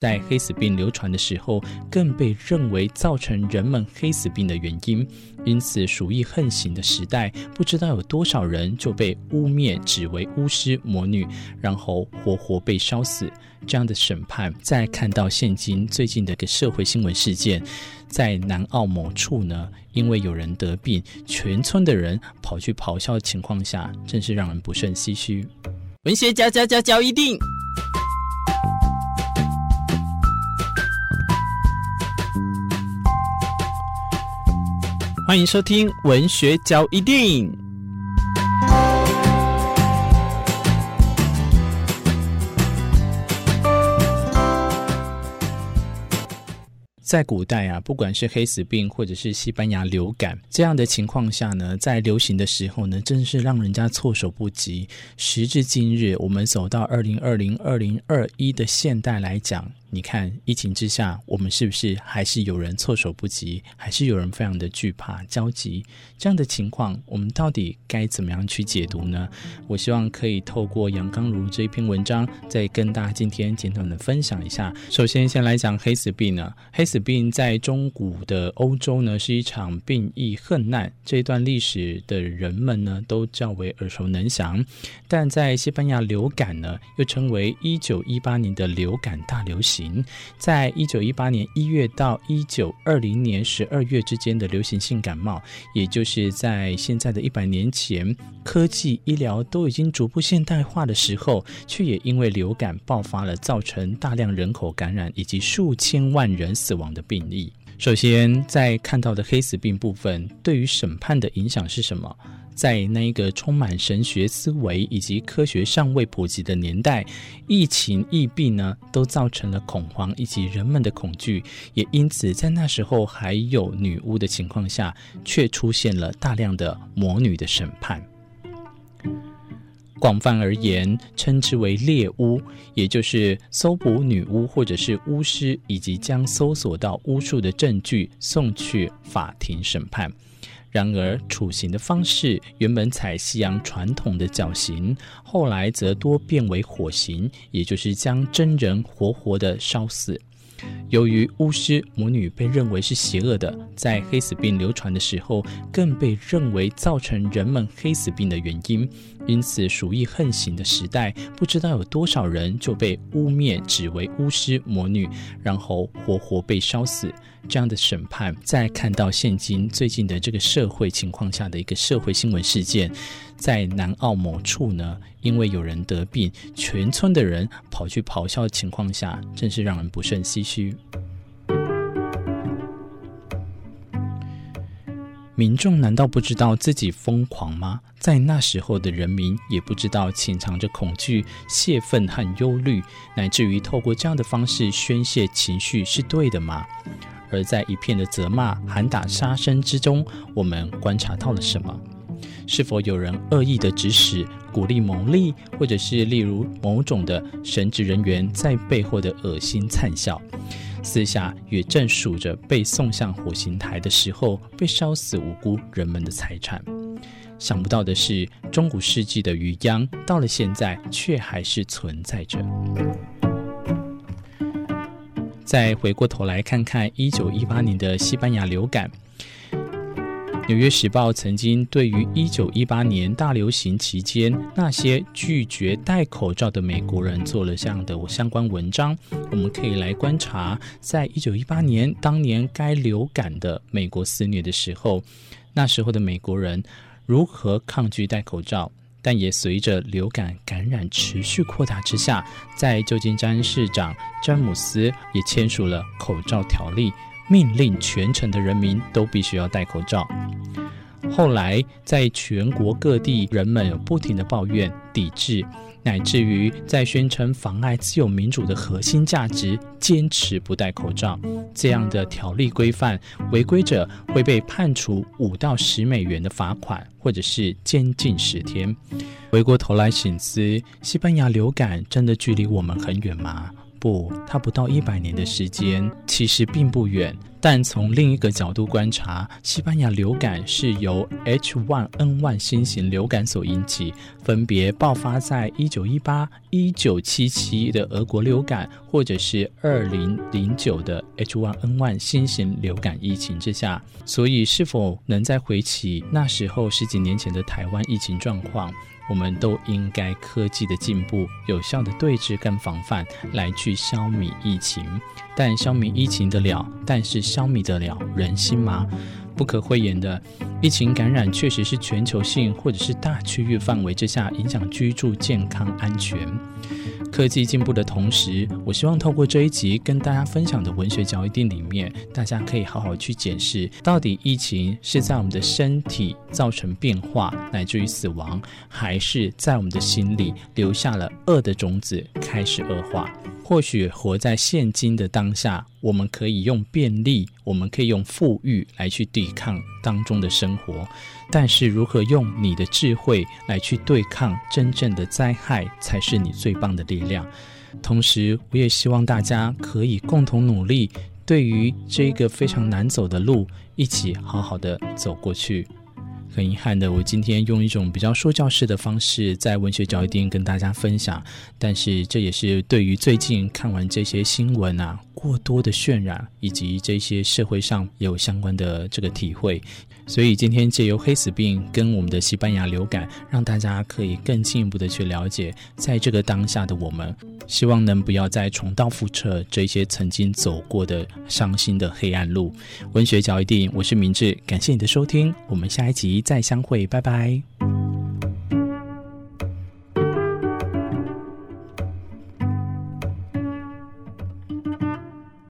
在黑死病流傳的時候，更被認為造成人們黑死病的原因。因此，鼠疫橫行的時代，不知道有多少人就被污衊指為巫師、魔女，然後活活被燒死。這樣的審判，在看到現今最近的一個社會新聞事件，在南澳某處呢，因為有人得病，全村的人跑去咆哮的情況下，真是讓人不勝唏噓。文學家家家家一定。歡迎收聽文學交一電影。在古代啊，不管是黑死病或者是西班牙流感，這樣的情況下呢，在流行的時候呢，真是讓人家措手不及。時至今日，我們走到二零二零二零二一的現代來講。你看，疫情之下，我們是不是還是有人措手不及，還是有人非常的懼怕、焦急？這樣的情況，我們到底該怎麼樣去解讀呢？我希望可以透過楊剛如這一篇文章，再跟大家今天簡短的分享一下。首先，先來講黑死病呢，黑死病在中古的歐洲呢，是一場病疫恨難，這一段歷史的人們呢，都較為耳熟能詳。但在西班牙流感呢，又稱為1918年的流感大流行。在一九一八年一月到一九二零年十二月之間的流行性感冒，也就是在現在的一百年前，科技醫療都已經逐步現代化的時候，卻也因為流感爆發了，造成大量人口感染以及數千萬人死亡的病例。首先，在看到的黑死病部分，對於審判的影響是什麼？在那一個充滿神學思維以及科學尚未普及的年代，疫情疫病呢，都造成了恐慌，以及人們的恐懼，也因此在那時候還有女巫的情況下，卻出現了大量的魔女的審判。廣泛而言，稱之為獵巫，也就是搜捕女巫或者是巫師，以及將搜索到巫術的證據送去法庭審判。然而，處刑的方式原本採西洋傳統的絞刑，後來則多變為火刑，也就是將真人活活的燒死。由於巫師魔女被認為是邪惡的，在黑死病流傳的時候，更被認為造成人們黑死病的原因。因此，鼠疫橫行的時代，不知道有多少人就被污衊指為巫師魔女，然後活活被燒死。這樣的審判，在看到現今最近的這個社會情況下的一個社會新聞事件。在南澳某處呢，因為有人得病，全村的人跑去咆哮的情況下，真是讓人不勝唏噓。民眾難道不知道自己瘋狂嗎？在那時候的人民也不知道潛藏着恐懼、洩憤和憂慮，乃至於透過這樣的方式宣泄情緒是對的嗎？而在一片的責罵、喊打、殺聲之中，我們觀察到了什麼？是否有人惡意的指使、鼓勵、牟利，或者是例如某種的神職人員在背後的惡心慘笑，私下也正數着被送上火刑台的時候被燒死無辜人們的財產。想不到的是，中古世紀的餘殃到了現在卻還是存在着。再回過頭來看看一九一八年的西班牙流感。《紐約時報》曾經對於一九一八年大流行期間那些拒絕戴口罩的美國人做了這樣的相關文章，我們可以來觀察，在一九一八年當年該流感的美國肆虐的時候，那時候的美國人如何抗拒戴口罩，但也隨着流感感染持續擴大之下，在舊金山市長詹姆斯也簽署了口罩條例。命令全城的人民都必須要戴口罩。後來，在全國各地，人們不停的抱怨、抵制，乃至於在宣稱妨礙自由民主的核心價值，堅持不戴口罩。這樣的條例規範，違規者會被判處五到十美元的罰款，或者是監禁十天。回過頭來省思，西班牙流感真的距離我們很遠嗎？不，它不到一百年的時間，其實並不遠。但從另一個角度觀察，西班牙流感是由 H1N1 新型流感所引起，分別爆發在1918、1977的俄國流感，或者是2009的 H1N1 新型流感疫情之下。所以，是否能再回起那時候十幾年前的台灣疫情狀況？我們都應該科技的進步，有效的對峙跟防範來去消弭疫情，但消弭疫情得了，但是消弭得了人心嗎？不可諱言的，疫情感染確實是全球性或者是大區域範圍之下影響居住健康安全。科技進步的同時，我希望透過這一集跟大家分享的文學交易店裡面，大家可以好好去檢視，到底疫情是在我們的身體造成變化，乃至於死亡，還是在我們的心裡留下了惡的種子，開始惡化。或許活在現今的當下，我們可以用便利，我們可以用富裕來去抵抗當中的生活，但是如何用你的智慧來去對抗真正的災害，才是你最棒的力量。同時，我也希望大家可以共同努力，對於這一個非常難走的路，一起好好的走過去。很遺憾的，我今天用一種比較說教式的方式在文學教育定跟大家分享，但是這也是對於最近看完這些新聞啊過多的渲染，以及這些社會上有相關的這個體會，所以今天借由黑死病跟我們的西班牙流感，讓大家可以更進一步的去了解，在這個當下的我們，希望能不要再重蹈覆轍這些曾經走過的傷心的黑暗路。文學教育定，我是明志，感謝你的收聽，我們下一集。再相會，拜拜。